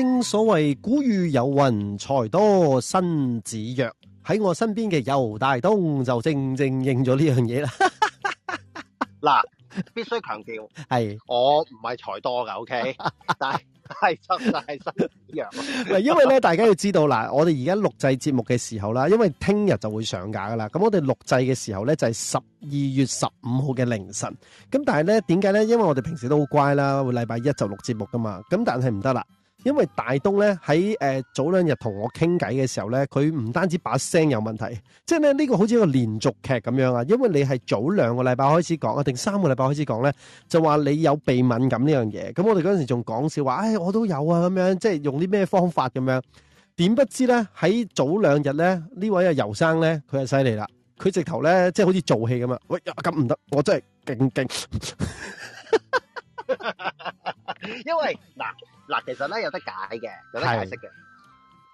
正所謂古語有云，財多身子弱，喺我身邊嘅游大東就正正應咗呢樣嘢啦。嗱，必須強調係我唔係財多噶，O K，但係係真係身子弱。 因為咧，大家要知道嗱，我哋而家錄製節目嘅時候啦，因為聽日就會上架噶啦。咁我哋錄製嘅時候咧就係十二月十五號嘅凌晨。咁但係咧，點解咧？因為我哋平時都好乖啦，會禮拜一就錄節目噶嘛。咁但係唔得啦。因為大東咧喺誒早兩日同我傾偈嘅時候咧，佢唔單止把聲有問題，即係咧呢、這個好似一個連續劇咁樣啊！因為你係早兩個禮拜開始講啊，定三個禮拜開始講咧，就話你有鼻敏感呢樣嘢。咁我哋嗰陣時仲講笑話，誒、哎、我都有啊，咁樣即係用啲咩方法咁樣？點不知咧喺早兩日咧呢位又游生咧，佢係犀利啦，佢直頭咧即係好似做戲咁啊！喂咁唔得，我真係勁勁。 因為嗱，嗱，其實咧有得解嘅，有得解釋嘅。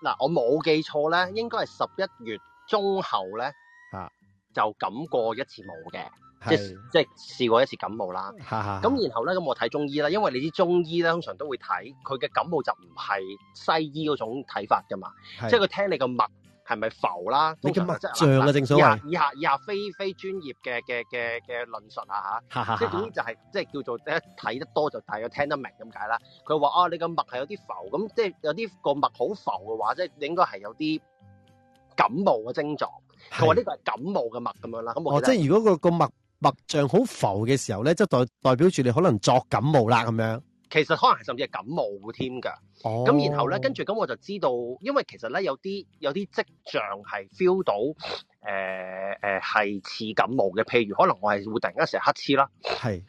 嗱是，我冇記錯咧，應該係十一月中後咧，啊，就感冒過一次冇嘅，即即試過一次感冒啦。咁 然後咧，咁我睇中醫啦，因為你知中醫咧通常都會睇佢嘅感冒就唔係西醫嗰種睇法噶嘛，即係佢聽你個脈。係咪浮啦？你嘅脈象嘅、啊、正所謂，以下以下非非專業嘅嘅嘅嘅論述啊嚇， 即係點就係即係叫做睇得多就大約聽得明咁解啦。佢話啊，你嘅脈係有啲浮，咁即係有啲個脈好浮嘅話，即係你應該係有啲感冒嘅症狀。佢話呢個係感冒嘅脈咁樣啦。咁、哦、即係如果個個脈脈象好浮嘅時候咧，即係代代表住你可能作感冒啦咁樣。其實可能係甚至係感冒添㗎。咁、哦、然後咧，跟住咁我就知道，因為其實咧有啲有啲跡象係 feel 到誒誒係似感冒嘅。譬如可能我係會突然間成日乞嗤啦，係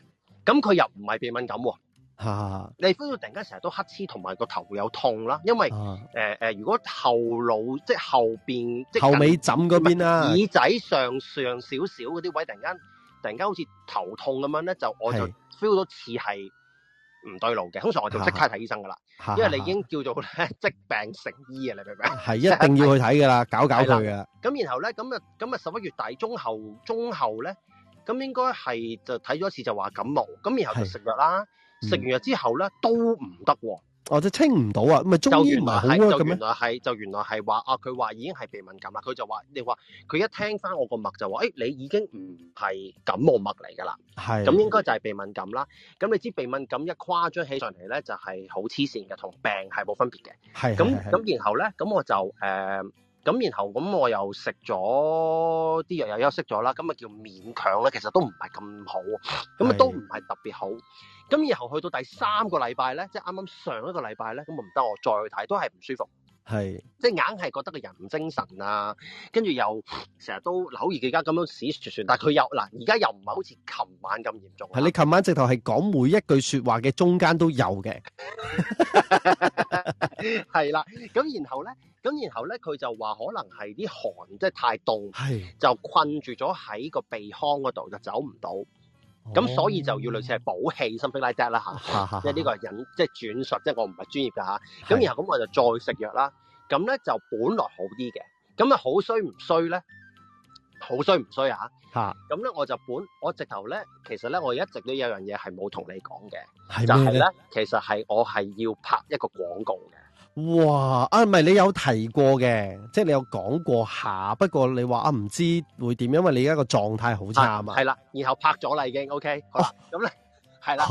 咁佢又唔係鼻敏感喎。啊、你 feel 到突然間成日都乞嗤，同埋個頭會有痛啦，因為誒誒、啊呃，如果後腦即係後邊即後尾枕嗰邊啦、啊，耳仔上上少少嗰啲位置，突然間突然間好似頭痛咁樣咧，就我就 feel 到似係。是唔對路嘅，通常我就即刻睇醫生噶啦，是是是是因為你已經叫做咧積是病成醫啊啦，你明唔明？係一定要去睇噶啦， 的搞搞佢噶。咁然後咧，咁啊，咁啊十一月底中後中後咧，咁應該係就睇咗一次就話感冒，咁然後就食藥啦，食的完藥之後咧、嗯、都唔得喎。哦，就清唔到啊，咪終於唔係好咁就原來係，就原來係話啊，佢話已經係鼻敏感啦。佢就話，你話佢一聽翻我個脈就話，誒、欸、你已經唔係感冒脈嚟㗎啦。咁是的 應該就係鼻敏感啦。咁你知鼻敏感一誇張起上嚟咧，就係好黐線嘅，同病係冇分別嘅。咁咁，然後咧，咁我就咁、呃、然後咁我又食咗啲藥，又休息咗啦。咁咪叫勉強啦，其實都唔係咁好，咁咪都唔係特別好。是的 嗯咁然後去到第三個禮拜咧，即係啱啱上一個禮拜咧，咁唔得我再睇，都係唔舒服，的即係硬係覺得個人唔精神啊，跟住又成日都扭耳技家咁樣屎尿，但係佢佢又嗱，而家又唔係好似琴晚咁嚴重，係你琴晚直頭係講每一句說話嘅中間都有嘅 係啦，咁然後咧，咁然後咧佢就話可能係啲寒，即係太凍，的就困住咗喺個鼻腔嗰度，就走唔到。咁所以就要類似係補氣 something like that 啦嚇，即係呢個係引，即係轉述，即係我唔係專業㗎嚇、啊、然後咁我就再食藥啦。咁、啊、咧就本來好啲嘅，咁啊，啊好衰唔衰咧？好衰唔衰啊？嚇、啊！咁咧我就本我直頭咧，其實咧我一直都有樣嘢係冇同你講嘅，呢就係咧，其實係我係要拍一個廣告嘅。哇！啊，唔係你有提過嘅，即係你有講過下。不過你話啊，唔知會點，因為你而家個狀態好差啊嘛。係啦，然後拍咗啦已經。OK，好啦，咁咧係啦，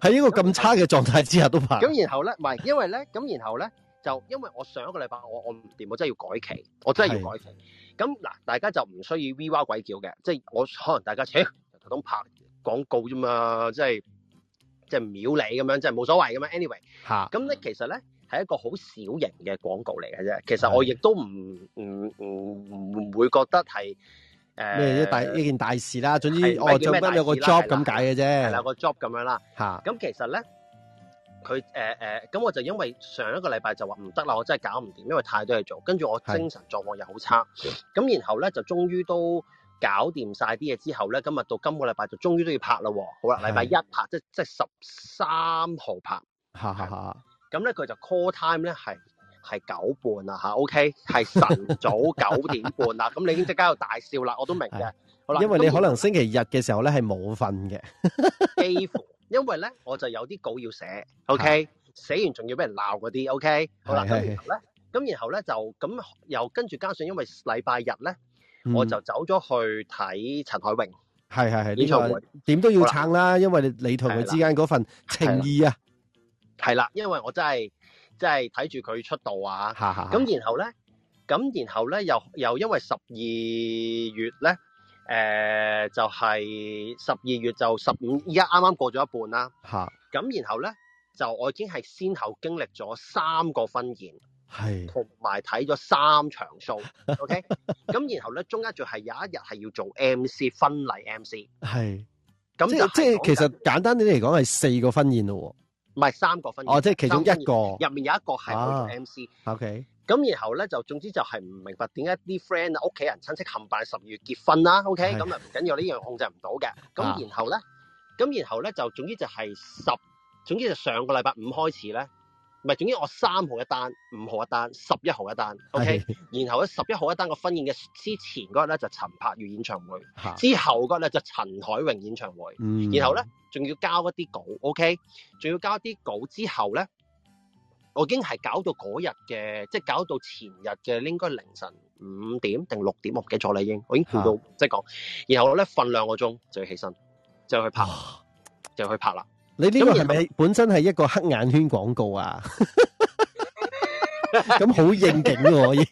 喺呢個咁差嘅狀態之下都拍。咁然後咧，唔係因為咧，咁然後咧就因為我上一個禮拜我我唔掂，我真係要改期，我真係要改期。咁嗱，大家就唔需要哇哇鬼叫嘅，即係我可能大家請大東拍廣告啫嘛，即係即係秒你咁樣，即係冇所謂咁樣。Anyway，嚇，咁咧其實咧。係一個好小型嘅廣告嚟嘅啫，其實我亦都唔唔唔唔會覺得係誒咩大呢件大事啦。總之我做翻有個 job 咁解嘅啫，有個 job 咁樣啦。吓，咁是的 其實咧，佢誒誒，咁、呃呃、我就因為上一個禮拜就話唔得啦，我真係搞唔掂，因為太多嘢做，跟住我精神狀況又好差。咁是的 然後咧就終於都搞掂晒啲嘢之後咧，今日到今個禮拜就終於都要拍啦，哦。好啦，禮拜一拍，即即係十三號拍。哈哈哈。咁咧佢就 call time 咧係係九半啦吓，OK 係晨早九點半啦。咁 你已經即刻度大笑啦，我都明嘅。好啦，因為你可能星期日嘅時候咧係冇瞓嘅，幾乎。因為咧我就有啲稿要寫，OK，寫的完仲要俾人鬧嗰啲，OK 好。好啦的，咁然後咧，咁的然後咧就咁又跟住加上，因為禮拜日咧，嗯、我就走咗去睇陳海榮。係係係，你點、這個這個、都要撐啦，的因為你你同佢之間嗰份情意啊。係啦，因為我真係真係睇住佢出道啊，咁然後咧，咁然後咧又又因為十二月咧，誒、呃、就係十二月就十五，而家啱啱過咗一半啦，咁哈然後咧就我已經係先後經歷咗三個婚宴，係同埋睇咗三場 show，OK， okay? 咁然後咧中間仲係有一日係要做 MC 婚禮 MC，係，即即係其實簡單啲嚟講係四個婚宴咯。唔係三個婚宴，哦，即係其中一個入面有一個係做 MC，OK。咁然後咧就總之就係唔明白點解啲 friend 啊、屋企人、親戚冚唪唥十月結婚啦，OK。咁啊唔緊要呢樣控制唔到嘅，咁然後咧，咁然後咧就總之就係十，總之就上個禮拜五開始咧。唔係，總之我三號一單，五號一單，十一號一單，OK。 然後咧十一號一單個婚宴嘅之前嗰日咧就係、陳柏宇演唱會， 之後嗰日咧就係、陳海榮演唱會。嗯、然後咧仲要交一啲稿，OK。仲要交一啲稿之後咧，我已經係搞到嗰日嘅，即係搞到前日嘅，應該凌晨五點定六點，我唔記咗啦。已經我已經叫到，即係講。然後咧瞓兩個鐘就要起身，就去拍，就去拍啦。你呢個係咪本身係一個黑眼圈廣告啊？咁好應景喎，已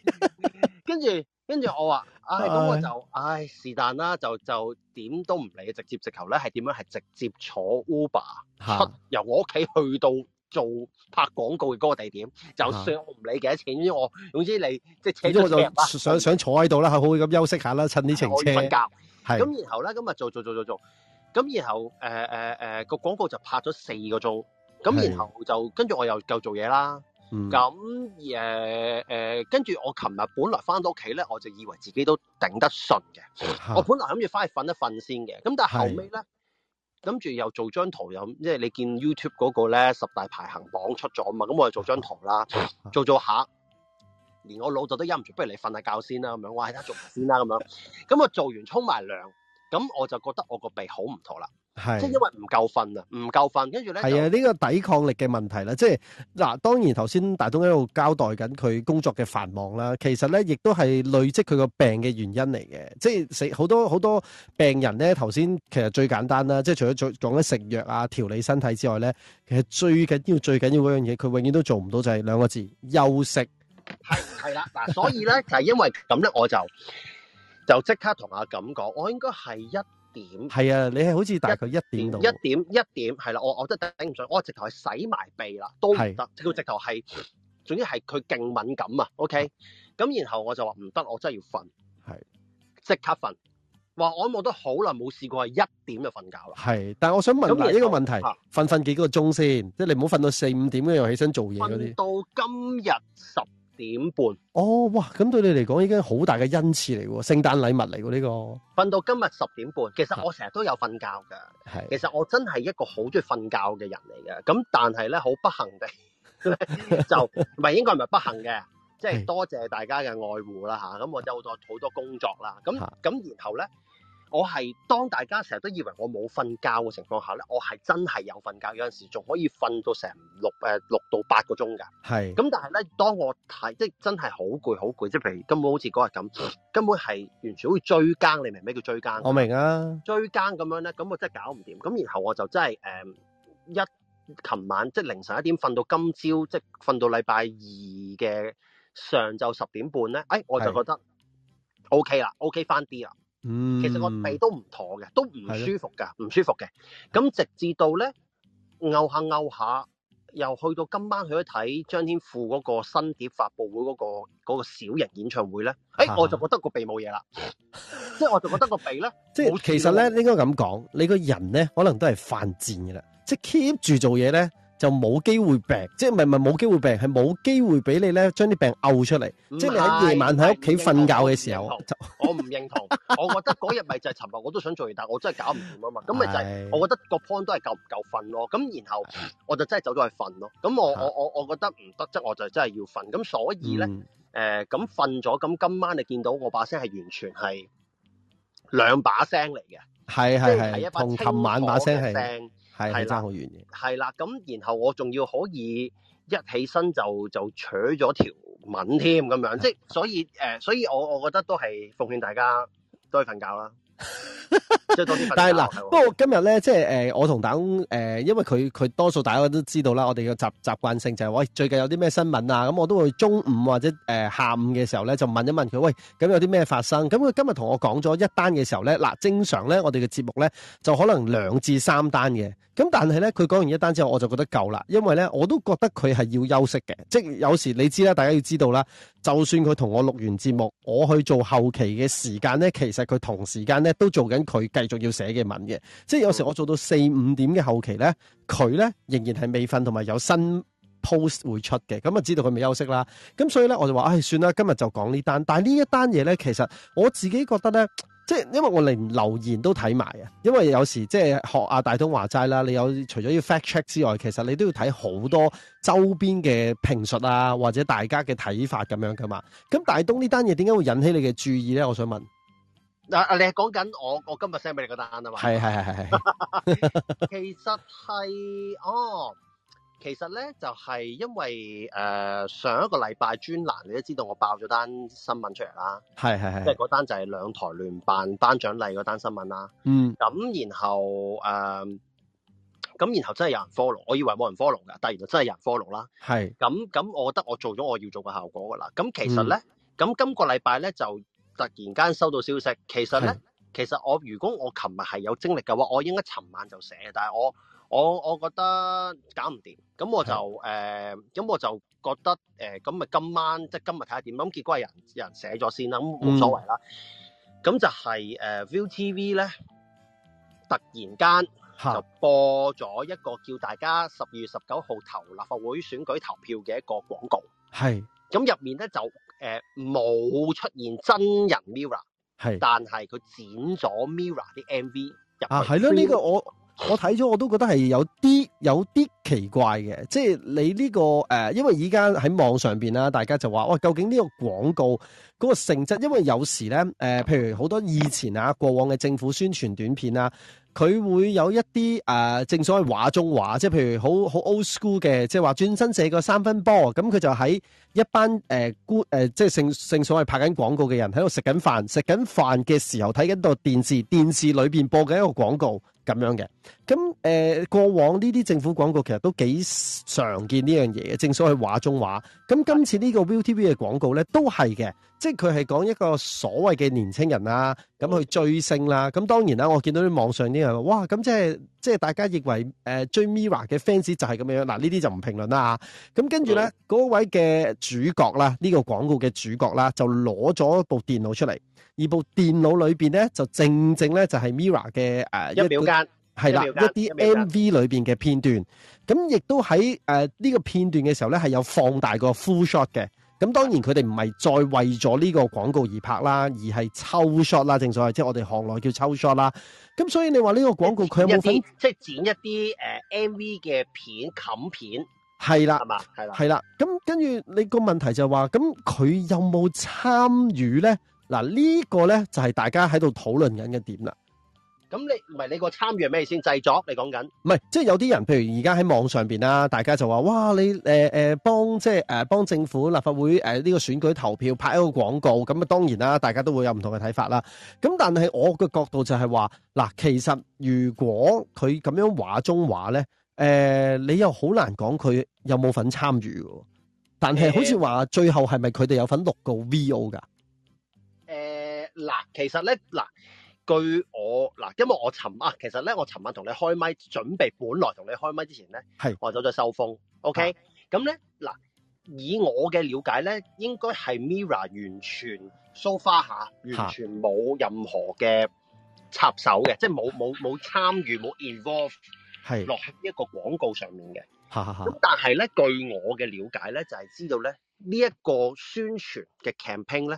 跟住跟住我話，唉、哎，咁我就唉是但啦，就就點都唔理，直接直頭咧係點樣？係直接坐 Uber、啊、出、由我屋企去到做拍廣告嘅嗰個地點，就算我唔理幾多錢，啊、因我總之你即係請咗我就想想坐喺度啦，好咁好休息下啦，趁呢程車瞓覺。係。咁是然後咧，今日做做做做做。做做做。咁然後誒誒誒個廣告就拍咗四個鐘，咁然後就的跟住我又夠做嘢啦。咁誒、嗯呃呃、跟住我琴日本來翻到屋企咧，我就以為自己都頂得順嘅。哈我本來諗住翻去瞓一瞓先嘅，咁但係後尾咧跟住又做張圖，又因為你見 YouTube 嗰個咧十大排行榜出咗嘛，咁我又做張圖啦，哈做做下，連我老豆都忍唔住，不如你瞓下覺先啦、啊，咁樣，我喺度做先啦、啊，咁樣。咁 我做完沖埋涼。咁我就覺得我個鼻好唔妥啦，即係、啊、因為唔夠瞓啊，唔夠瞓，跟住咧係啊呢個抵抗力嘅問題啦，即係嗱當然頭先大東喺度交代緊佢工作嘅繁忙啦，其實咧亦都係累積佢個病嘅原因嚟嘅，即係好多好多病人咧頭先其實最簡單啦，即係除咗做講緊食藥啊調理身體之外咧，其實最緊要最緊要嗰樣嘢佢永遠都做唔到就係、是、兩個字休息係係啦嗱，啊、 所以咧就係、是、因為咁咧我就。就即刻同阿咁講，我應該係一點。係啊，你係好似大概一點到一點一點，係啦、啊，我我真係頂唔順，我直頭係洗埋鼻啦，都唔得，是直到直頭係，總之係佢勁敏感、okay? 啊。OK，咁然後我就話唔得，我真係要瞓，係即是刻瞓。話我冇得，好耐冇試過係，一點就瞓覺啦。係，但係我想問啊，一個問題，瞓瞓後、啊、幾個鐘先，即係你唔好瞓到四五點嘅又起身做嘢啲。到今日十點半哦，哇！咁對你嚟講已經好大嘅恩賜嚟嘅喎，聖誕禮物嚟嘅呢個。瞓到今日十點半，其實我成日都有瞓覺嘅。係，其實我真係一個好中意瞓覺嘅人嚟嘅。咁但係呢，好不幸地 就唔係應該唔係不幸嘅，即係多謝大家嘅愛護啦嚇。咁我有好多好多工作啦。咁咁然後呢？我係當大家成日都以為我冇瞓覺嘅情況下咧，我係真係有瞓覺，有陣時仲可以瞓到成六誒、呃、六到八個鐘噶。係是。咁但係咧，當我睇即係真係好攰好攰，即係譬如根本好似嗰日咁，根本係完全好似追更，你明咩叫追更？我明啊。追更咁樣咧，咁我真係搞唔掂。咁然後我就真係誒、嗯、一琴晚即係凌晨一點瞓到今朝，即係瞓到禮拜二嘅上晝十點半咧，誒、哎、我就覺得 O K 啦，O K 翻啲啦。是 OK 了 OK 了嗯，其實我鼻都唔妥嘅，都唔舒服噶，唔的舒服嘅。咁直至到咧，拗下拗下，又去到今晚去一睇張天賦嗰個新碟發布會嗰、嗰個、嗰個小型演唱會咧，誒、欸，我就覺得個鼻冇嘢啦， 即係是我就覺得個鼻咧，即係是其實咧應該咁講，你個人咧可能都係犯賤嘅啦，即係 keep 住做嘢咧。就冇機會病，即係咪咪冇機會病，係冇機會俾你咧將啲病嘔出嚟。即係你喺夜晚喺屋企瞓覺嘅時候，我唔認同。我覺得嗰日咪就係尋日，我都想做嘢，但係我真係搞唔掂啊嘛。咁咪就係我覺得個 point 都係夠唔夠瞓咯。咁然後我就真係走咗去瞓咯。咁我我我我覺得唔得，則我就真係要瞓。咁所以咧，誒咁瞓咗，咁今晚你見到我把聲係完全係兩把聲嚟嘅，係係係同琴晚把聲係。係係差好遠嘅，係啦，咁然後我仲要可以一起身就就取咗條文添，咁樣的即係所以誒、呃，所以我我覺得都係奉勸大家都去瞓覺啦。 多 但係是嗱， 不過今日咧，即係誒，我同大東誒，因為佢佢多數大家都知道啦，我哋嘅習習慣性就係、是、喂，最近有啲咩新聞啊？咁我都會中午或者誒、呃、下午嘅時候咧，就問一問佢喂，咁有啲咩發生？咁佢今日同我講咗一單嘅時候咧，嗱，正常咧，我哋嘅節目咧就可能兩至三單嘅，咁但係咧，佢講完一單之後，我就覺得夠啦，因為咧，我都覺得佢係要休息嘅，即係有時你知啦，大家要知道啦。就算佢同我錄完節目，我去做後期嘅時間呢，其實佢同時間呢都做緊佢繼續要寫嘅文嘅，即係有時我做到四五點嘅後期呢，佢呢仍然係未瞓，同埋有，有新 post 會出嘅，咁啊知道佢未休息啦，咁所以呢，我就話唉、哎、算啦，今日就講呢單，但係呢一單嘢呢，其實我自己覺得呢。即係因為我連留言都睇埋啊，因為有時即係學阿大東話齋啦，你有除咗要 fact check 之外，其實你都要睇好多周邊嘅評述啊，或者大家嘅睇法咁樣噶嘛。咁大東呢單嘢點解會引起你嘅注意咧？我想問。嗱，你係講緊我我今日 send 俾你嗰單啊嘛？係係係係。其實係哦。其實咧就係、是、因為誒、呃、上一個禮拜專欄，你都知道我爆咗單新聞出嚟啦，係係係，即係嗰單就係兩台聯辦頒獎禮嗰單新聞啦。嗯，咁然後誒、咁、呃、然後真係有人 follow，我以為冇人 follow 噶，但係原來真係有人 follow 啦。係是，咁咁我覺得我做咗我要做嘅效果噶啦。咁其實咧，咁今、嗯、個禮拜咧就突然間收到消息，其實咧，是 其實我如果我琴日係有精力嘅話，我應該尋晚就寫，但係我。我我覺得搞唔掂，咁我就誒，咁是的、呃、我就覺得誒，咁、呃、咪今晚即係今日睇下點，咁結果係人人寫咗先啦，冇所謂啦。咁、嗯、就係、是、誒、呃、ViuTV 咧，突然間就播咗一個叫大家十二月十九號投立法會選舉投票嘅一個廣告。係是的。咁入面咧就誒冇、呃、出現真人 Mirror，< 是的 S 2> 係，但係佢剪咗 Mirror 啲 MV 入去。啊，係咯，呢、呢個我。我睇咗我都覺得係有啲有啲奇怪嘅，即係你呢、這個誒、呃，因為而家喺網上邊啦，大家就話哇、哦，究竟呢個廣告？嗰個成績，因為有時咧，誒、呃，譬如好多以前啊、過往嘅政府宣傳短片啊，佢會有一啲誒、呃，正所謂畫中畫，即係譬如好好 old school 嘅，即係話轉身射個三分波，咁佢就喺一班誒、呃呃、即係正正所謂拍緊廣告嘅人喺度食緊飯，食緊飯嘅時候睇緊部電視，電視裏面播緊一個廣告咁樣嘅。咁誒、呃，過往呢啲政府廣告其實都幾常見呢樣嘢，正所謂畫中畫。咁今次呢個 ViuTV 嘅廣告咧，都係嘅。即係佢係講一個所謂嘅年青人啦，咁去追星啦。咁、嗯、當然啦，我見到啲網上啲人，哇！咁即係即係大家認為誒，追 Mirror 嘅 fans 就係咁樣樣。嗱，呢啲就唔評論啦吓。咁跟住咧，嗰位嘅主角啦，呢、這個廣告嘅主角啦，就攞咗部電腦出嚟，而部電腦裏邊咧就正正咧就係 Mirror 嘅誒，一個表間，係啦一啲了 MV 裏邊嘅片段。咁亦都喺誒呢個片段嘅時候咧，係有放大個 full shot 嘅。咁當然佢哋唔係再為咗呢個廣告而拍啦，而係抽 shot 啦，正所謂即係我哋行內叫抽 shot 啦。咁所以你話呢個廣告佢有冇即剪一啲、呃、MV 嘅片冚片？係啦，係嘛？係啦，係啦。咁跟住你個問題就係話，咁佢有冇參與咧？嗱，呢個咧就係大家喺度討論緊嘅點啦。咁你唔係你個參與係咩先製作？你講緊唔係，即係有啲人，譬如而家喺網上邊啦，大家就話哇，你誒誒幫即係誒幫政府立法會誒呢、呃這個選舉投票拍一個廣告，咁啊當然啦，大家都會有唔同嘅睇法啦。咁但係我嘅角度就係話嗱，其實如果佢咁樣畫中畫咧，誒、呃、你又好難講佢有冇份參與喎。」但係好似話最後係咪佢哋有份錄個 V O 噶？誒嗱、呃，其實咧嗱。呃據我嗱，因為我尋晚、啊、其實咧，我尋晚同你開麥準備，本來同你開麥之前咧，係是我走咗收風，OK，咁咧嗱，以我嘅了解咧，應該係 Mirror 完全 so far 下、啊，完全冇任何嘅插手嘅，啊、即係冇冇冇參與冇 involve，係落喺呢一個廣告上面嘅，咁、啊啊、但係咧，據我嘅了解咧，就係、是、知道咧，呢、這、一個宣傳嘅 campaign 咧，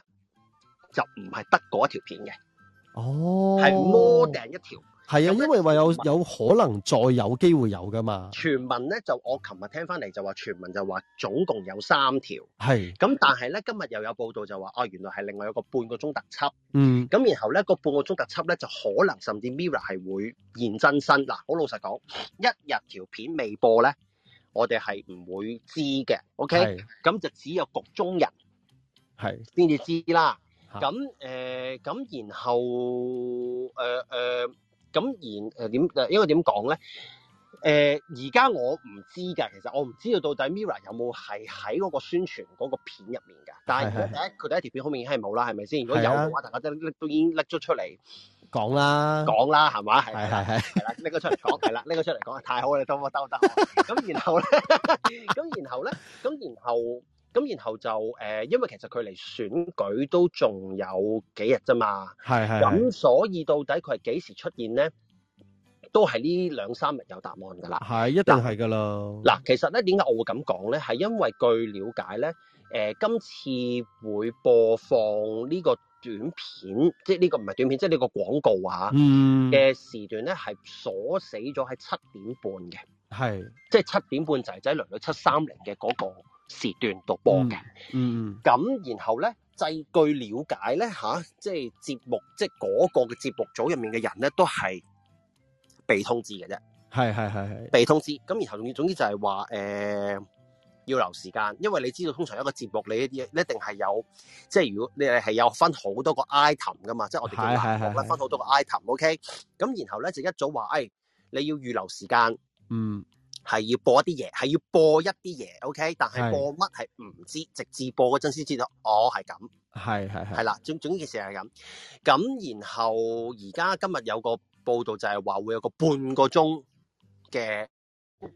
就唔係得嗰一條片嘅。哦，係摸定一條，係啊的，因為話有聞有可能再有機會有噶嘛。傳聞咧就我琴日聽翻嚟就話，傳聞就話總共有三條，係咁是但係咧今日又有報道就話哦、啊，原來係另外有個半個鐘特輯，嗯，咁然後咧個半個鐘特輯咧就可能甚至 Mirror 係會現真身嗱。好老實講，一日條片未播咧，我哋係唔會知嘅，OK，咁是就只有局中人係先至知啦。咁誒，咁、呃、然後誒誒，咁、呃呃、然誒點誒，應該點講咧？而家、呃、我唔知㗎，其實我唔知道到底 Mirror 有冇係喺嗰個宣傳嗰個片入面㗎。但係如果第一佢第一條片好明顯係冇啦，係咪先？如果有嘅話，大家都已經拎咗出嚟講啦，講啦了，係嘛？係係係，係啦，拎咗出嚟講，係啦， 拎咗出嚟講，太好啦，得得得，咁 然後咧，咁 然後咧，咁然後。咁，然後就誒、呃，因為其實距離選舉都仲有幾日啫嘛，係係。咁所以到底佢係幾時出現咧，都係呢兩三日有答案㗎啦。係，一定係㗎啦。嗱，其實咧，點解我會咁講咧？係因為據了解咧，誒、呃、今次會播放呢個短片，即係、這、呢個唔係短片，即係呢個廣告啊，嗯嘅時段咧係、嗯、鎖死咗喺七點半嘅，係是，即係七點半仔仔嚟到七三零嘅嗰個。時段度播嘅、嗯，嗯，咁然後咧，據據了解咧，吓，即係節目，即係嗰個嘅節目組入面嘅人咧，都係被通知嘅啫，係係係係被通知，咁然後仲要，總之就係話，誒、呃，要留時間，因為你知道通常一個節目你，你一定係有，即係如果你係有分好多個 item 噶嘛，即係我哋叫欄目咧，分好多個 item，OK，okay？咁然後咧就一早話，誒、哎，你要預留時間，嗯。係要播一啲嘢，係要播一啲嘢，OK，但係播乜係唔知道，是直至播嗰陣先知道，哦係咁，係係係啦，總總言之係咁。咁然後而家今日有個報道就係話會有個半個鐘嘅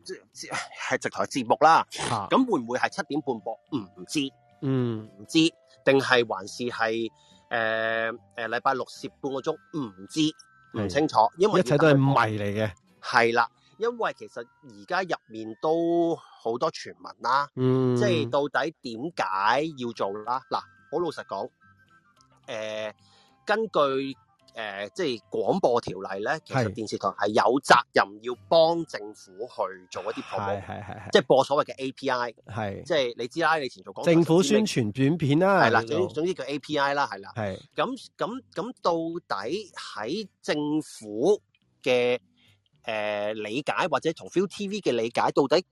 即係直播節目啦。咁、啊、會唔會係七點半播？唔知，嗯，唔知，定係還是係誒誒禮拜六攝半個鐘？唔知，唔是清楚，因為一切都係謎嚟嘅，係啦。因為其實而家入面都好多傳聞啦，嗯、即係到底點解要做啦？嗱，好老實講、呃，根據誒、呃、即係廣播條例咧，其實電視台係有責任要幫政府去做一啲播，係、係、係，即係播所謂嘅 API，即係你知啦，你前做政府宣傳短片、啊、對啦，係啦說，總之叫 API 啦，係啦，係咁咁咁到底喺政府嘅？誒、呃，理解或者同 ViuTV 嘅理解，到底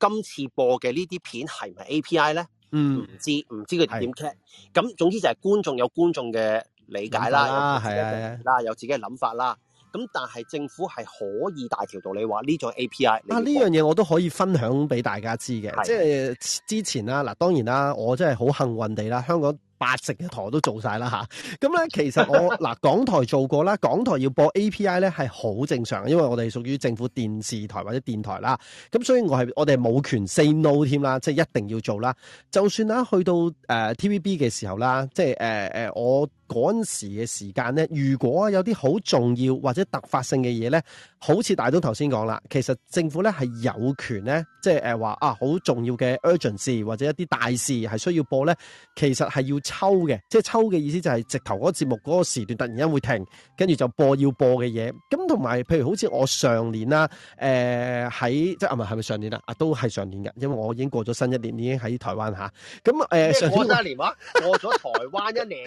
今次播嘅呢啲片係唔係 API 咧？嗯，唔知唔知佢點 check 咁，是的總之就係觀眾有觀眾嘅理解啦，係啦，係啦，啦有自己嘅諗法啦。咁但係政府係可以大條道理話呢種 API 啊呢樣嘢我都可以分享俾大家知嘅，的即係之前啦嗱，當然啦，我真係好幸運地啦，香港。八成嘅台都做晒啦吓，咁咧其實我嗱港台做過啦，港台要播 API 咧係好正常，因為我哋屬於政府電視台或者電台啦，咁所以我係我哋冇權 say no 添啦，即係一定要做啦。就算啦去到 TVB 嘅時候啦，即係誒誒我。嗰陣時嘅時間咧，如果有啲好重要或者突發性嘅嘢咧，好似大東頭先講啦，其實政府咧係有權咧，即係誒話啊，好重要嘅 urgent 事或者一啲大事係需要播咧，其實係要抽嘅，即係抽嘅意思就係直頭嗰個節目嗰個時段突然間會停，跟住就播要播嘅嘢。咁同埋譬如好似我上年啦，誒喺即係啊唔係係咪上年啦？啊，是是是啊都係上年嘅，因為我已經過咗新一年，已經喺台灣嚇。咁、啊、誒、呃、麼過咗一年啊，過咗台灣一年。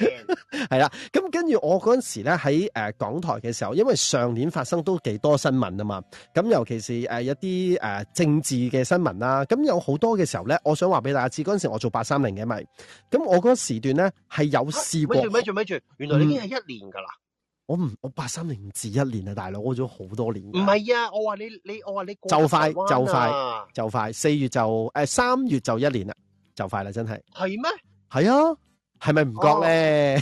係啦，咁跟住我嗰陣時咧喺誒港台嘅時候，因為上年發生都幾多新聞啊嘛，咁尤其是誒一啲誒政治嘅新聞啦，咁有好多嘅時候咧，我想話俾大家知，嗰陣時我做八三零嘅咪，咁我嗰個時段咧係有試過。做、啊、原來你已經係一年噶啦。我唔我八三零至一年啊，大佬，我咗好多年。唔係啊，我話你你我話你就快就快就快，四月就誒三月就一年啦，就快啦，真係。係咩？係啊。係咪唔覺咧？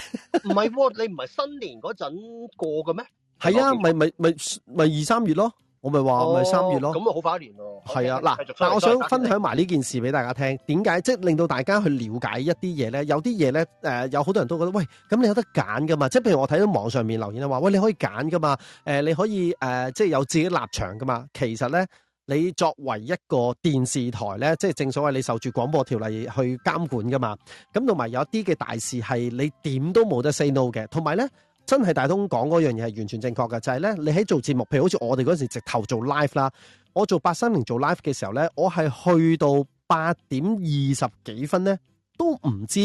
唔係喎，你唔係新年嗰陣過嘅咩？係 啊，咪咪咪咪二三月咯，我咪話咪三月咯，咁咪好快一年咯。係啊 Okay, okay,，嗱，但我想分享埋呢件事俾大家聽，點解即係令到大家去了解一啲嘢咧？有啲嘢咧，誒、呃，有好多人都覺得喂，咁你有得揀噶嘛？即係譬如我睇到網上面留言係話，喂，你可以揀噶嘛？誒、呃，你可以誒、呃，即係有自己立場噶嘛？其實咧。你作為一個電視台咧，即係正所謂你受住廣播條例去監管噶嘛，咁同埋有一啲嘅大事係你點都冇得 say no 嘅，同埋咧真係大東講嗰樣嘢，係完全正確嘅，就係、是，咧你喺做節目，譬如好似我哋嗰時直頭做 live 啦，我做八三零做 live 嘅時候咧，我係去到八點二十幾分咧，都唔知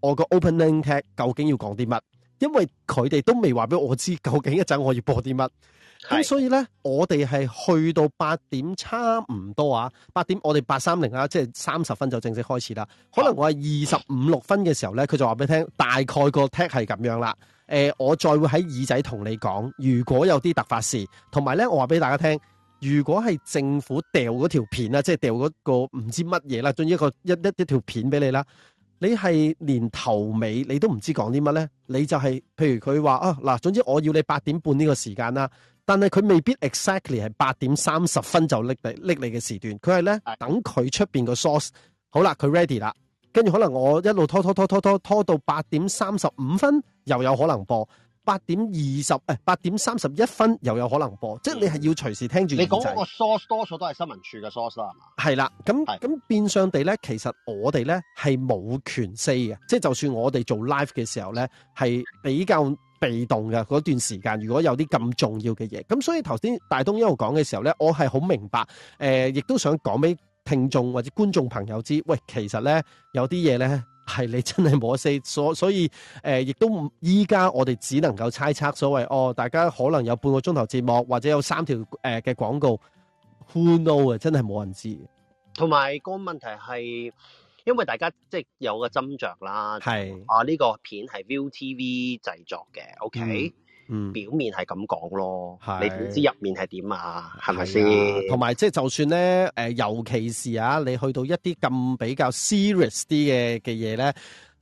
我個 opening tag 究竟要講啲乜，因為佢哋都未話俾我知究竟一陣我要播啲乜。咁、嗯、所以咧，我哋係去到八點差唔多啊，八點我哋八三零啊，即係三十分就正式開始啦。可能我係二十五六分嘅時候咧，佢就話俾你聽，大概個 take 係咁樣啦。誒、呃，我再會喺耳仔同你講，如果有啲突發事，同埋咧，我話俾大家聽，如果係政府掉嗰條片啦，即係掉嗰個唔知乜嘢啦，總之一個一一一條片俾你啦。你係連頭尾你都唔知講啲乜咧，你就係、是，譬如佢話啊嗱，總之我要你八點半呢個時間啦。但係佢未必 exactly 係八點三十分就拎嚟拎嚟嘅時段，佢係咧等佢出邊個 source 好啦，佢 ready 啦，跟住可能我一路拖拖拖拖拖拖到八點三十五分又有可能播，八點二十誒八點三十一分又有可能播，即係你係要隨時聽住。你講嗰個 source 多數都係新聞處嘅 source 啦，係嘛？係啦，咁咁的變相地咧，其實我哋咧係冇權 say 嘅，即係就算我哋做 live 嘅時候咧，係比較被動嘅嗰段時間，如果有啲咁重要嘅嘢，咁所以頭先大東一路講嘅時候呢，我係好明白，誒、呃，亦都想講俾聽眾或者觀眾朋友知，喂，其實呢，有啲嘢呢係你真係冇得 say，所所以誒，亦、呃、都唔，依家我哋只能夠猜測，所謂哦，大家可能有半個鐘頭節目或者有三條誒嘅廣告，who know 啊，真係冇人知道，同埋個問題係。因為大家即係有個斟酌啦，係是啊呢、這個片係 ViuTV 製作嘅，OK，嗯嗯、表面係咁講咯，是你唔知入面係點啊？係咪先？同埋、啊、即係就算咧，誒、呃，尤其是啊，你去到一啲咁比較 serious 啲嘅嘅嘢咧，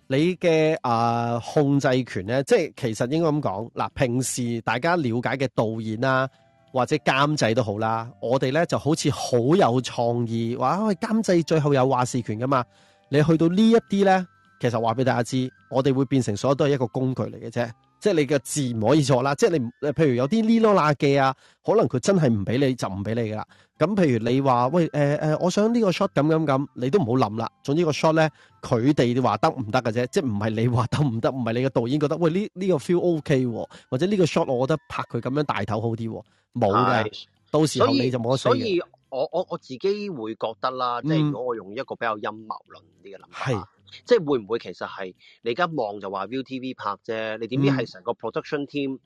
你嘅啊、呃、控制權咧，即係其實應該咁講嗱，平時大家了解嘅導演啊或者監製都好啦，我哋咧就好似好有創意，喂，監製最後有話事權噶嘛。你去到呢一啲咧，其實話俾大家知，我哋會變成所有都係一個工具嚟嘅啫。即係你嘅字唔可以錯啦。即係你，譬如有啲呢咯啦嘅啊，可能佢真係唔俾你就唔俾你噶啦。咁譬如你話喂、呃呃，我想呢個 shot 咁咁咁，你都唔好諗啦。總之個 shot 咧，佢哋話得唔得嘅啫，即係唔係你話得唔得？唔係你嘅導演覺得喂呢呢、呢個 feel OK 喎，或者呢個 shot 我覺得拍佢咁樣大頭好啲喎，冇嘅。」到時候你就冇得需要。所以我我我自己會覺得啦，即係如果我用一個比較陰謀論啲嘅諗法，係、嗯、即係會唔會其實係你而家望就話 ViuTV 拍啫，你點知係成個 production team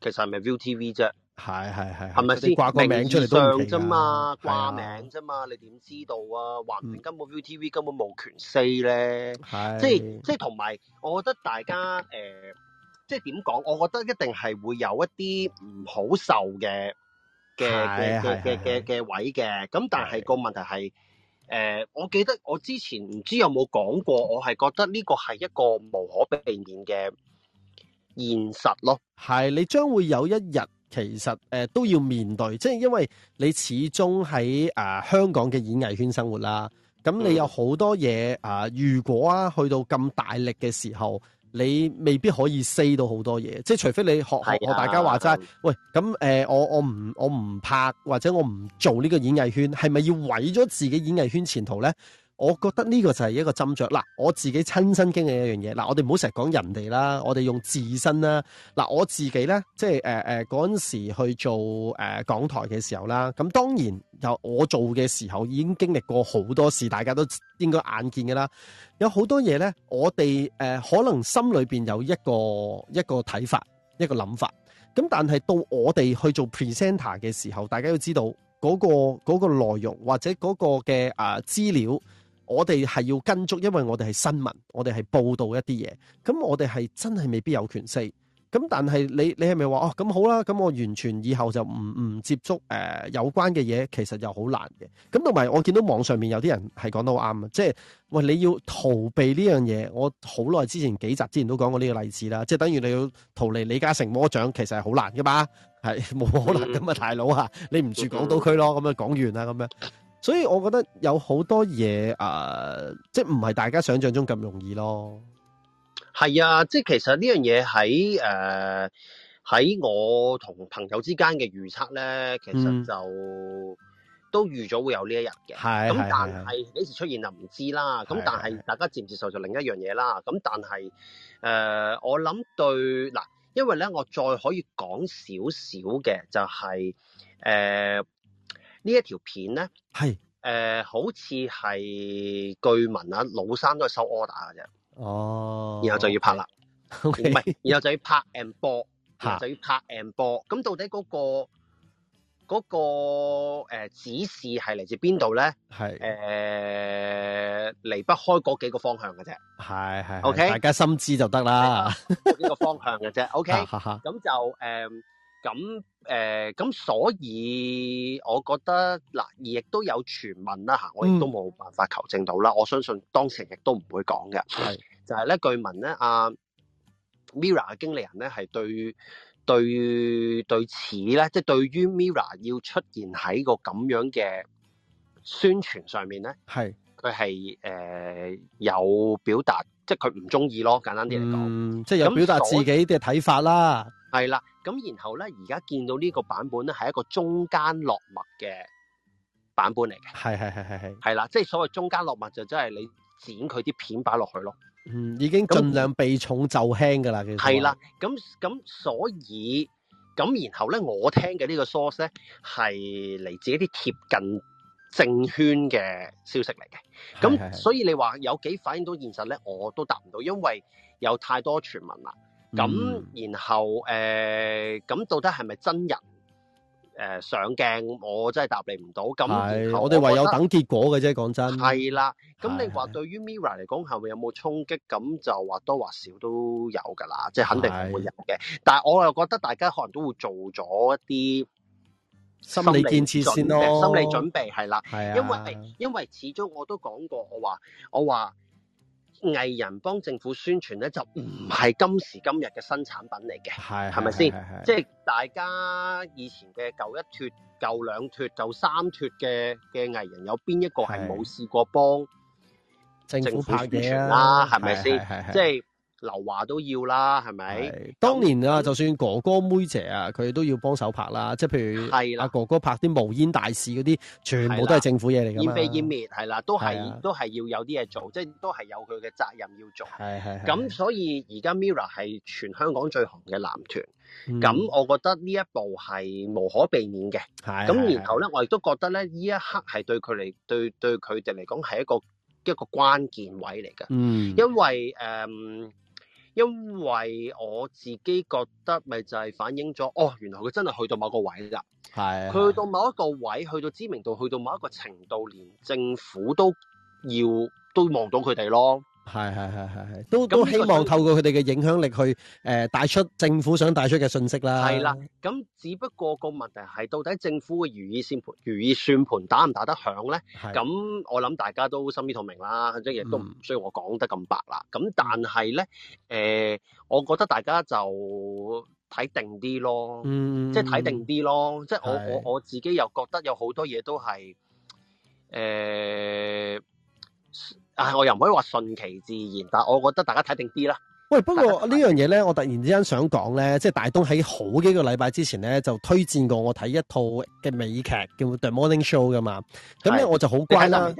其實係咪 ViuTV 啫？係係係，係咪先掛個名出嚟都啫嘛，掛名啫嘛，啊、你點知道啊？話唔定根本 ViuTV 根本冇權 say 咧是，即係即係同埋，我覺得大家誒、呃，即係點講？我覺得一定係會有一啲唔好受嘅。嘅嘅嘅嘅嘅位嘅，咁的但係個問題係，誒的、呃，我記得我之前唔知有冇講過，我係覺得呢個係一個無可避免嘅現實咯。係，你將會有一日，其實誒、呃、都要面對，即係因為你始終喺誒香港嘅演藝圈生活啦，咁你有好多嘢啊、呃，如果啊去到咁大力嘅時候。你未必可以 say 到好多嘢，即係除非你學學大家話齋，是啊、喂咁誒、呃，我我唔我唔拍或者我唔做呢個演藝圈，係咪要毀咗自己演藝圈前途咧？我覺得呢個就係一個斟酌嗱，我自己親身經歷一樣嘢嗱，我哋唔好成日講人哋啦，我哋用自身啦嗱，我自己咧即係誒誒嗰陣時去做誒、呃、港台嘅時候啦，咁當然有我做嘅時候已經經歷過好多事，大家都應該眼見嘅啦，有好多嘢咧，我哋誒、呃、可能心裏邊有一個一個睇法，一個諗法，咁但係到我哋去做 presenter 嘅時候，大家都知道嗰個嗰個內容或者嗰個嘅啊資料。我哋係要跟足，因為我哋係新聞，我哋係報道一啲嘢。咁我哋係真係未必有權勢。咁但係你你係咪話哦咁好啦？咁我完全以後就唔唔接觸誒、呃、有關嘅嘢，其實又好難嘅。咁同埋我見到網上面有啲人係講得好啱啊，即係喂，你要逃避呢樣嘢，我好耐之前幾集之前都講過呢個例子啦。即係等於你要逃離李嘉誠魔掌，其實係好難噶嘛，係冇可能噶嘛，嗯、大佬啊，你唔住港島區咯，咁樣講完啦，咁樣。所以，我覺得有好多嘢、呃、啊，即係唔係大家想象中咁容易咯。係啊，即係其實呢樣嘢喺誒喺我同朋友之間嘅預測咧，其實就都預咗會有呢一日嘅。係咁、嗯、但係幾時出現就唔知啦。咁但係大家接唔接受就另一樣嘢啦。咁係但係誒、呃，我諗對嗱，因為咧，我再可以講少少嘅就係、係、誒。呃呢一條片咧是、呃，好似係據聞啊，老三都係收 order 㗎啫。哦然 okay. Okay，然後就要拍啦是，唔係，然後就要拍 and 播，就要拍 and 播。咁到底嗰、嗰個、嗰個呃、指示係嚟自邊度咧？係離是、呃、不開嗰幾個方向嘅啫。係 O K，大家心知就得啦。呢、嗯、 個方向嘅啫。O K，咁就、呃咁誒，咁、呃、所以我覺得嗱，而亦都有傳聞啦嚇，我亦都冇辦法求證到啦。嗯、我相信當事人亦都唔會講嘅。是就係咧，據聞咧，阿、啊、Mirror 嘅經理人咧係對對對此咧，即、就、係、是、對於 Mirror 要出現喺個咁樣嘅宣傳上面咧，係佢係誒有表達，即係佢唔中意咯。簡單啲嚟講，即係有表達自己嘅睇法啦。係啦，咁然後咧，而家見到呢個版本咧，係一個中間落墨嘅版本嚟嘅。係係係係係，係啦，即係所謂中間落墨就真係你剪佢啲片擺落去咯。嗯，已經盡量避重就輕噶啦，其實那。係啦的，咁咁所以咁然後咧，我聽嘅呢個 source 咧係嚟自一啲貼近政圈嘅消息嚟嘅。咁所以你話有幾反映到現實咧，我都答唔到，因為有太多傳聞啦。咁，然後誒，咁到底係咪真人誒上鏡？我真係答你唔到。咁，我哋唯有等結果嘅啫。講真係啦，咁你話對於 Mirror 嚟講，係咪有冇衝擊？咁就或多或少都有噶啦，即係肯定係會有嘅。但係我又覺得大家可能都會做咗一啲心理建設先咯，心理準備，係啦。係啊，因為因為始終我都講過，我話我話。藝人幫政府宣傳咧，就唔係今時今日嘅新產品嚟嘅，係咪先？即係大家以前嘅舊一脫、舊兩脫、舊三脫嘅嘅藝人，有邊一個係冇試過幫政府宣傳啦？係咪先？即係。劉華都要啦，係咪？當年啊，就算哥哥妹姐啊，佢都要幫手拍啦。即係譬如係啦，哥哥拍啲無煙大使嗰啲，全部都係政府嘢嚟㗎。煙飛煙滅係啦，都係都係要有啲嘢做，即係都係有佢嘅責任要做。係係。咁所以而家 Mirror 係全香港最紅嘅男團，咁我覺得呢一步係無可避免嘅。係。咁然後咧，我亦都覺得咧，呢一刻係對佢哋對對佢哋嚟講係一個一個關鍵位嚟㗎。嗯。因為誒。因為我自己覺得咪就係反映咗，哦，原來佢真係去到某個位㗎，係佢，去到某一個位，去到知名度，去到某一個程度，連政府都要都望到佢哋咯。係係係係係，都都希望透過佢哋嘅影響力去誒帶、嗯呃、出政府想帶出嘅信息啦。係啦，咁只不過個問題係到底政府嘅如意算盤，如意算盤打唔打得響咧？咁是的 我諗大家都心知肚明啦，即係亦都唔需要我講得咁白啦。咁但係咧，誒、呃，我覺得大家就睇定啲咯，嗯、咯，即係睇定啲咯。即係我我我自己又覺得有好多嘢都係誒。呃啊！我又唔可以話順其自然，但係我覺得大家睇定啲啦。喂，不過呢樣嘢咧，我突然之間想講咧，即係大東喺好幾個禮拜之前咧就推薦過我睇一套嘅美劇叫做 The Morning Show 㗎嘛，咁咧我就好乖啦。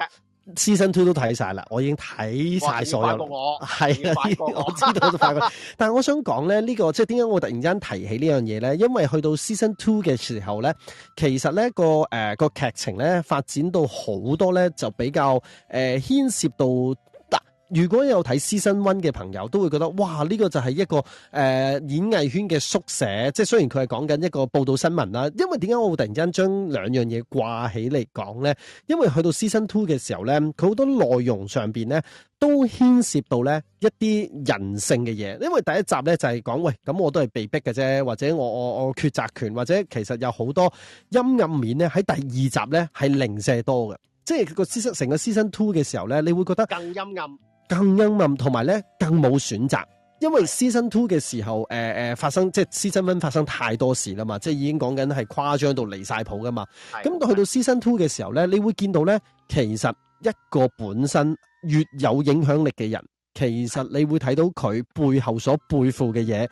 《Season Two》都睇晒啦，我已經睇晒所有，係啊， 我知道都快過。 但係我想講咧，呢、呢個即係點解我突然之間提起呢樣嘢咧？因為去到《Season Two》嘅時候咧，其實咧個誒、呃、個劇情咧發展到好多咧，就比較誒、呃、牽涉到。如果有睇《Season One》嘅朋友，都會覺得哇，呢、這個就係一個誒、呃、演藝圈嘅縮寫。即係雖然佢係講緊一個報道新聞啦。因為點解我會突然間將兩樣嘢掛起嚟講呢？因為去到《Season Two》嘅時候呢，佢好多內容上面呢都牽涉到呢一啲人性嘅嘢。因為第一集呢就係講喂，咁我都係被逼嘅啫，或者我我我抉擇權，或者其實有好多陰暗面呢。」喺第二集呢係零舍多嘅，即係個 Season 成個 Season Two 嘅時候呢，你會覺得更陰暗。更陰暗，同埋咧更冇選擇，因為 C 生 two 嘅時候，誒、呃、誒發生，即係 C 生粉發生太多事啦嘛，即係已經講緊係誇張到離晒譜噶嘛。咁到的去到 C 生 two 嘅時候咧，你會見到咧，其實一個本身越有影響力嘅人，其實你會睇到佢背後所背負嘅嘢，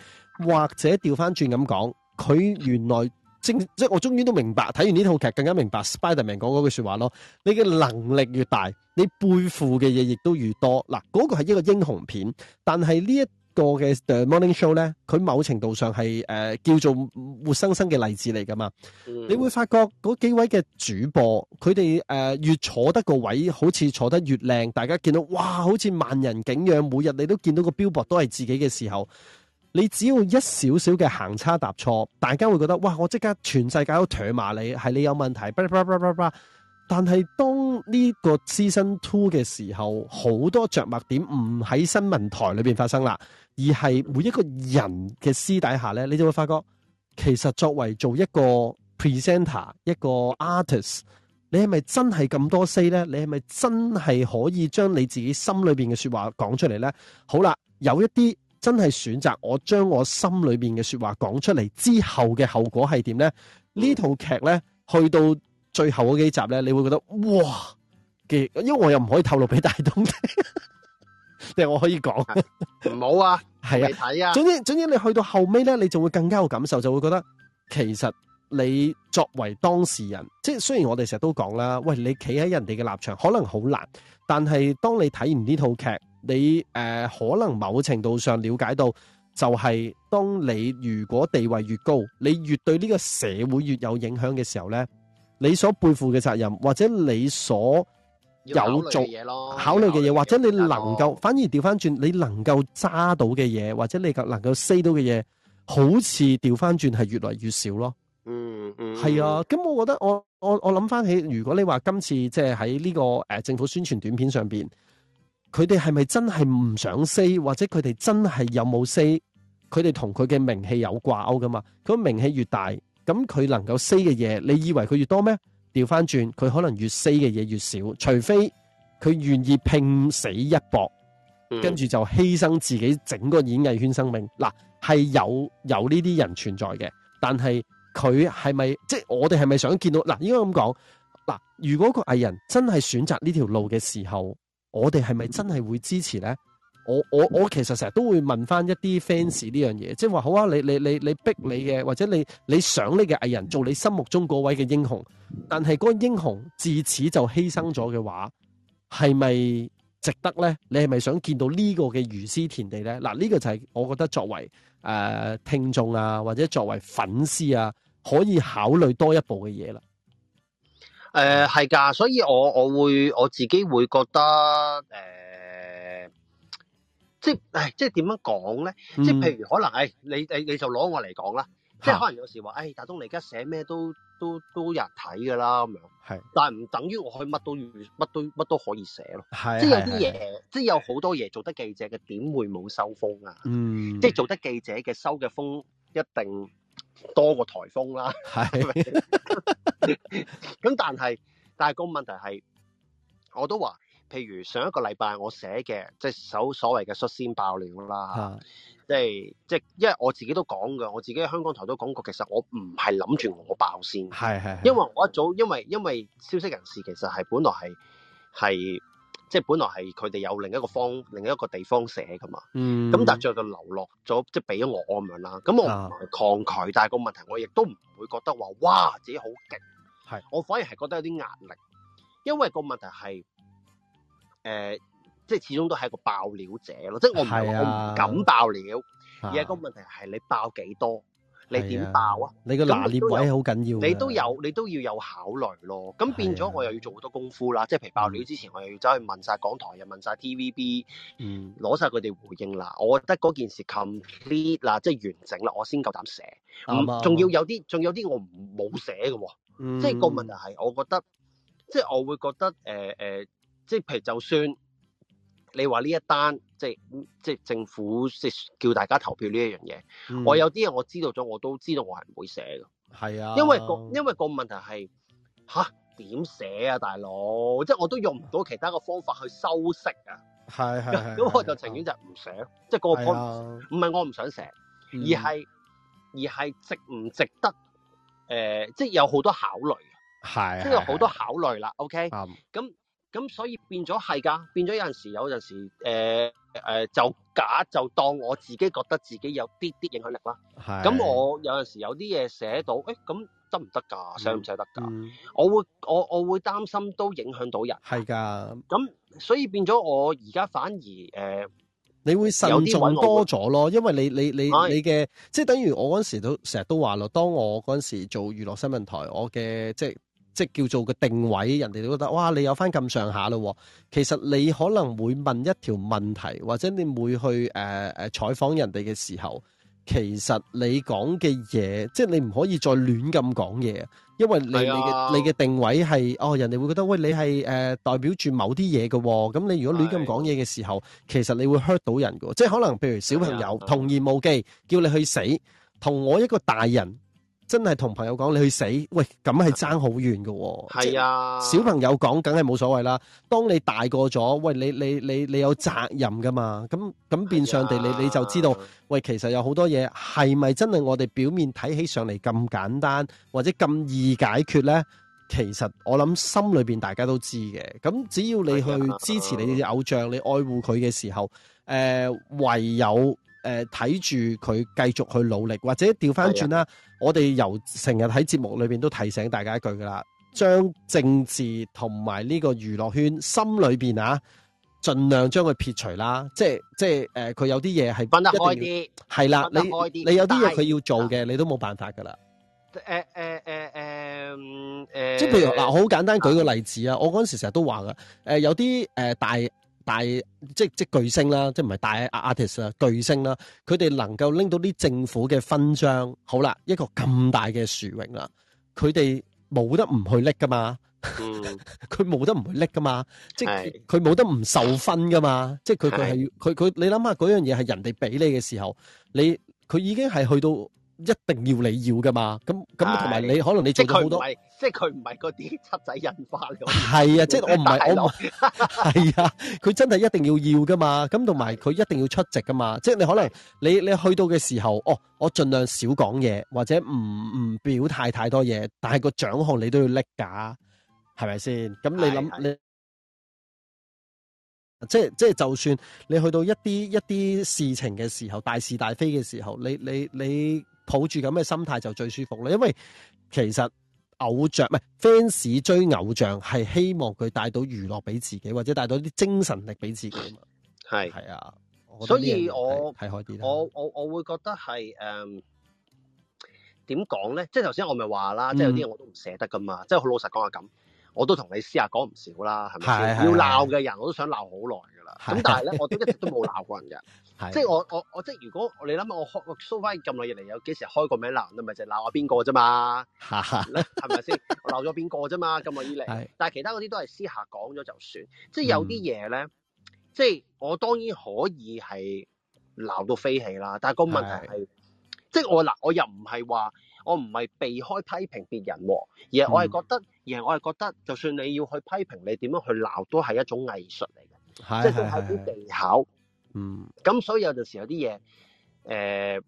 或者調翻轉咁講，佢原來。正即係我終於都明白，睇完呢套劇更加明白 Spiderman 講嗰句說話咯。你嘅能力越大，你背負嘅嘢亦都越多。嗱，嗰、那個係一個英雄片，但係呢一個嘅 Morning Show 咧，佢某程度上係誒、呃、叫做活生生嘅例子嚟㗎嘛。嗯、你會發覺嗰幾位嘅主播，佢哋誒越坐得個位，好似坐得越靚，大家見到哇，好似萬人景仰，每日你都見到個 billboard 都係自己嘅時候。你只要一少少嘅行差踏錯，大家會覺得哇！我即刻全世界都唾罵你，係你有問題。但係當呢個 season two 嘅時候，好多着墨點唔喺新聞台裏邊發生啦，而係每一個人嘅私底下呢，你就會發覺，其實作為做一個 presenter，一個 artist，你係咪真係咁多 say 呢？你係咪真係可以將你自己心裏邊嘅說話講出嚟呢？好啦，有一啲。真係選擇我將我心裏邊嘅說話講出嚟之後嘅後果係點咧？嗯、呢套劇咧去到最後嗰幾集咧，你會覺得哇嘅，因為我又唔可以透露俾大東聽，但係我可以講，唔、啊、好啊，係啊，啊，總之總之你去到後尾咧，你就會更加有感受，就會覺得其實你作為當事人，即係雖然我哋成日都講啦，喂，你企喺人哋嘅立場可能好難，但係當你睇完呢套劇。你、呃、可能某程度上了解到，就係當你如果地位越高，你越對呢個社會越有影響嘅時候呢，你所背負嘅責任，或者你所有做考慮嘅嘢，或者你能夠反而調翻轉，你能夠揸到嘅嘢，或者你能夠 say 到嘅嘢，好似調翻轉係越來越少咯。嗯嗯，係、嗯、啊。咁我覺得我我我諗翻起，如果你話今次即係喺呢個政府宣傳短片上邊。佢哋係咪真係唔想 say，或者佢哋真係有冇 say？佢哋同佢嘅名氣有掛鈎㗎嘛？佢個名氣越大，咁佢能夠 say 嘅嘢，你以為佢越多咩？調翻轉，佢可能越 say 嘅嘢越少，除非佢願意拼死一搏，跟住就犧牲自己整個演藝圈生命。嗱，係有有呢啲人存在嘅，但係佢係咪？即係我哋係咪想見到？嗱，應該咁講。嗱，如果個藝人真係選擇呢條路嘅時候，我哋係咪真係會支持呢？我我我其實成日都會問翻一啲 fans 呢樣嘢，即係話好啊，你你你，你逼你嘅，或者你你想你嘅藝人做你心目中嗰位嘅英雄，但係嗰個英雄自此就犧牲咗嘅話，係咪值得呢？你係咪想見到呢個嘅如斯田地呢？嗱、啊，呢、這個就係我覺得作為誒、呃、聽眾啊，或者作為粉絲啊，可以考慮多一步嘅嘢啦。誒係噶，所以我我會我自己會覺得誒、呃，即係即係點樣講咧？即係、嗯、譬如可能係、哎、你你你就攞我嚟講啦，即係可能有時話誒，大、啊哎、東你而家寫咩都都都有人睇噶啦咁樣，係是，但係唔等於我去乜都要乜都乜都可以寫咯，係是，即係有啲嘢，是是是即係有好多嘢做得記者嘅，點會冇收風啊？嗯，即係做得記者嘅收嘅風一定。多過颱風啦，係咁吧， 但係但係個問題係，我都話，譬如上一個禮拜我寫嘅即係首所謂嘅率先爆料啦，即係即係，因為我自己都講嘅，我自己喺香港台都講過，其實我唔係諗住我先爆先，係係，因為我一早因為因為消息人士其實係本來係係。是即係本來係佢哋有另一個方、另一個地方寫噶嘛，咁、嗯、但係最後流落咗，即係俾咗我咁樣啦。咁我唔抗拒，啊、但係個問題我亦都唔會覺得話哇自己好勁，係是我反而係覺得有啲壓力，因為個問題係誒、呃，即係始終都係一個爆料者咯，即係我唔係話我唔敢爆料，啊、而係個問題係你爆幾多。你點爆啊？啊你個拿捏位好緊要，你，你都有，你都要有考慮咯。咁變咗，我又要做好多功夫啦。啊、即係譬如爆料之前，我又要走去問晒港台，又問晒 TVB，攞晒佢哋回應啦。我覺得嗰件事 complete 嗱，即、就、係、係、完整啦，我先夠膽寫。咁仲、嗯、要有啲，仲、嗯、有啲我唔冇寫嘅喎、啊。嗯、即係個問題係，我覺得，即係我會覺得，誒、呃、誒、呃，即係譬如就算。你話呢一單即係即係政府即叫大家投票呢一樣嘢，嗯、我有啲嘢我知道咗，我都知道我係唔會寫嘅。係啊，因為個因為個問題係吓點寫啊，大佬！即我都用唔到其他嘅方法去修飾啊。係，係咁我就情願就唔寫。即個 point 唔係我唔想寫，是是是而係而係值唔值得？誒、呃，即有好多考慮啊。係，即有好多考慮啦。OK，咁。咁所以變咗係噶，變咗有陣時有陣時，誒、呃、誒、呃、就假就當我自己覺得自己有啲啲影響力啦。係的。咁我有陣時有啲嘢寫到，誒、欸、咁得唔得噶，使唔使得噶？我會我我會擔心都影響到人。係噶的。咁所以變咗我而家反而誒，呃、你會慎重多咗咯、呃，因為你你你的你嘅即係等於我嗰陣時都成日都話咯，當我嗰陣時做娛樂新聞台，我嘅即係。即叫做個定位，人哋都覺得哇，你有翻咁上下咯。其實你可能會問一條問題，或者你會去誒誒採訪人哋嘅時候，其實你講嘅嘢，即係你唔可以再亂咁講嘢，因為你嘅是、啊、你嘅你嘅定位係哦，人哋會覺得喂，你係誒、呃、代表住某啲嘢嘅，咁你如果亂咁講嘢嘅時候，是啊、其實你會 hurt 到人嘅。即係可能譬如小朋友是、啊、童言無忌，叫你去死，同我一個大人。真係同朋友講你去死，喂，咁係爭好遠㗎喎。係啊，小朋友講梗係冇所謂啦。當你大個咗，喂，你你你你有責任㗎嘛。咁咁變相地，你你就知道，喂，其實有好多嘢係咪真係我哋表面睇起上嚟咁簡單，或者咁易解決呢？其實我諗心裏面大家都知嘅。咁只要你去支持你啲偶像，你愛護佢嘅時候，呃、唯有。誒，睇住佢繼續去努力，或者掉返轉啦。的我哋由成日喺節目裏邊都提醒大家一句噶啦，將政治同埋呢個娛樂圈心裏邊啊，盡量將佢撇除啦。即係即係誒，佢、呃、有啲嘢係分得開啲，係啦。得你你有啲嘢佢要做嘅，是你都冇辦法噶啦。誒誒誒誒誒，即、啊、係、啊啊、譬如嗱，好、呃、簡單舉個例子啊。嗯、我嗰陣時成日都話噶，誒、呃，有啲誒、呃、大。大即即巨星啦，即唔係大 artist 啦，巨星啦，佢哋能夠拎到啲政府嘅勳章，好啦，一個咁大嘅殊榮啦，佢哋冇得唔去拎噶嘛，佢冇得唔去拎噶嘛，即佢冇得唔受分噶嘛，即佢佢係佢佢，你諗下嗰樣嘢係人哋俾你嘅時候，你佢已經係去到一定要你要噶嘛，咁咁同埋你可能你做咗好多。即係佢唔係嗰啲七仔印花咁，係啊！即係我唔係我係啊！佢真係一定要要㗎嘛。咁同埋佢一定要出席㗎嘛。是的 即係你可能你你去到嘅時候，哦，我儘量少講嘢，或者唔唔表態太多嘢，但係個獎項你都要拎㗎，係咪先？咁你諗是的 你即係即係，是的 就是、就算你去到一啲一啲事情嘅時候，大是大非嘅時候，你你你抱住咁嘅心態就最舒服啦，因為其實。偶像唔係 fans 追偶像，係希望佢帶到娛樂俾自己或者帶到啲精神力俾自己嘛，係係是啊，所以我係可以我我我會覺得係，誒，點講咧？即係頭先我咪話啦，即係有啲嘢我都唔捨得噶嘛，嗯、即係好老實講係咁，我都同你私下講唔少啦，係咪是要鬧嘅人我都想鬧好耐。咁但係咧，我都一直都冇鬧過人嘅， 是的 即係我我我即係如果你諗下我開我收翻，咁耐以嚟，有幾時開過名鬧？你咪就鬧下邊個啫嘛，係咪先鬧咗邊個啫嘛，咁我以嚟， 是的 但係其他嗰啲都係私下講咗就算，即係有啲嘢咧，嗯、即係我當然可以係鬧到飛起啦，但係個問題係，是的 即係我嗱我又唔係話我唔係避開批評別人，而係我係覺得，嗯、而係我係覺得，就算你要去批評，你點樣去鬧都係一種藝術嚟。即係都係啲技巧，嗯，咁所以有陣時有啲嘢，誒、呃、誒、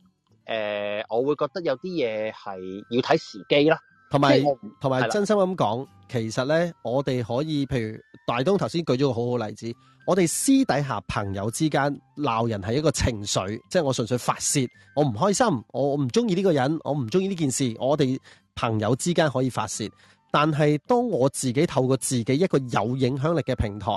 呃，我會覺得有啲嘢係要睇時機啦。同埋同埋，真心咁講，的其實呢，我哋可以，譬如大東頭先舉咗個好好例子，我哋私底下朋友之間鬧人係一個情緒，即、就、係、是、我純粹發泄，我唔開心，我唔中意呢個人，我唔中意呢件事，我哋朋友之間可以發泄，但係當我自己透過自己一個有影響力嘅平台。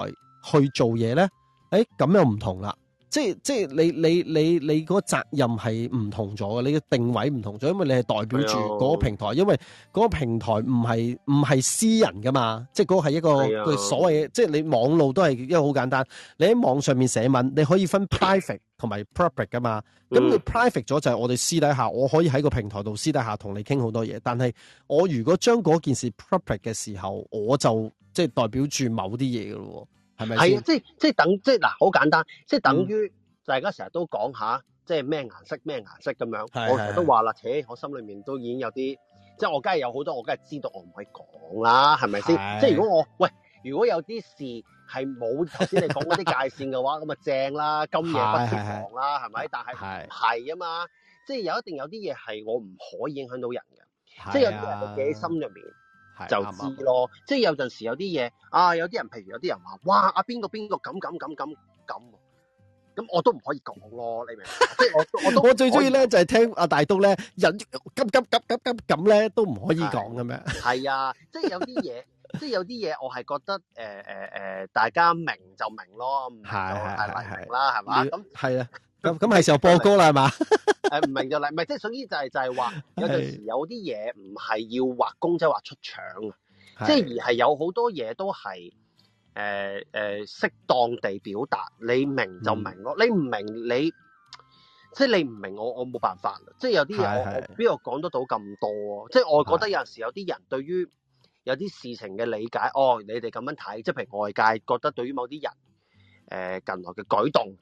去做嘢咧，誒、哎、咁又唔同啦，即係即係你你你你嗰個責任係唔同咗嘅，你嘅定位唔同咗，因為你係代表住嗰個平台，哎、呦 因為嗰個平台唔係唔係私人噶嘛，即係嗰個係一個佢、哎、呦 所謂嘅即係你網路都係一個好簡單，你喺網上面寫文你可以分 private 同埋 public 噶嘛。咁、嗯、你 private 咗就係我哋私底下我可以喺個平台度私底下同你傾好多嘢，但係我如果將嗰件事 public 嘅時候，我就即係代表住某啲嘢噶咯。係咪？係啊，即係即係等，即係嗱，好簡單，即係等於大家成日都講下，即係咩顏色咩顏色咁樣。是是我成日都話啦，且我心裏面都已經有啲，即係我梗係有好多，我梗係知道我，我唔可以講啦，係咪先？即係如果我喂，如果有啲事係冇頭先你講嗰啲界綫嘅話，咁啊 正啦，今夜不設防啦，係咪是是？是是但係係啊嘛，即係有一定有啲嘢係我唔可以影響到人嘅，是啊、即係有啲嘢我記喺心入面。是就知咯，嗯、即係有陣時候有啲嘢啊，有啲人譬如有啲人話，哇啊邊個邊個咁咁咁咁咁，咁我都唔可以講咯，你明？ 即係我我我最中意咧就係、是、聽阿大東咧人急急急急急咁咧都唔可以講嘅咩？係啊，啊，即係有啲嘢，即係有啲嘢我係覺得誒誒誒，大家明就明，明咯，唔係唔明啦，係嘛？咁係啊。咁咁係時候播歌啦，係嘛？誒是嗎，唔、 啊、明就嚟，唔係即係，屬於就係、是、就係、是、話有陣時有啲嘢唔係要畫公仔，即、就、係、是、出場，即係是而係有好多嘢都係誒誒，適、呃呃、當地表達。你明就明咯、嗯，你唔、就是、明你即係你唔明我，我冇辦法。即、就、係、是、有啲嘢我是是我邊個講得到咁多？即、就、係、是、我覺得有陣時有啲人對於有啲事情嘅理解，是哦，你哋咁樣睇，即係譬如外界覺得對於某啲人誒、呃、近來嘅舉動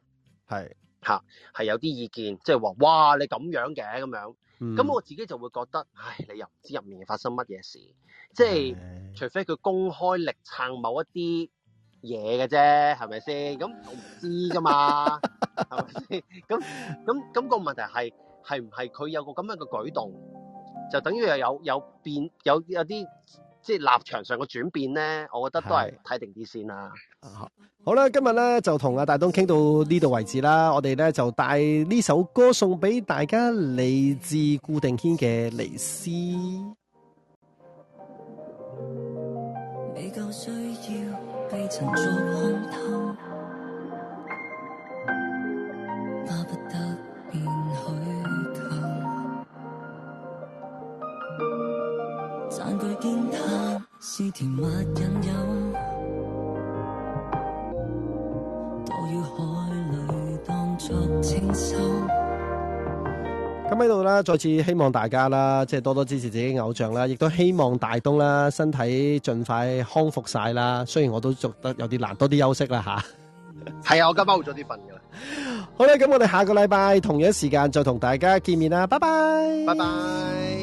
係。嚇係有啲意見，即係話哇你咁樣嘅咁樣，咁、嗯、我自己就會覺得，唉你又唔知入面發生乜嘢事，即係的除非佢公開力撐某一啲嘢嘅啫，係咪先？咁我唔知㗎嘛，係咪先？咁咁咁個問題係係唔係佢有個咁樣嘅舉動，就等於又有有變有有啲。即係立場上個轉變咧，我覺得都係睇定啲先啦。啊啊、好啦，今日咧就同阿大東傾到呢度為止啦。我哋咧就帶呢首歌送俾大家，嚟自顧定軒嘅尼斯。嗯嗯是甜海里當作清修。咁喺度啦，再次希望大家啦，即係多多支持自己偶像啦，亦都希望大東啦身體盡快康復晒啦。雖然我都做得有啲難，多啲休息啦吓。係 啊，我今晚好早啲瞓噶啦。好咧，咁我哋下個禮拜同樣時間再同大家見面啦，拜拜，拜拜。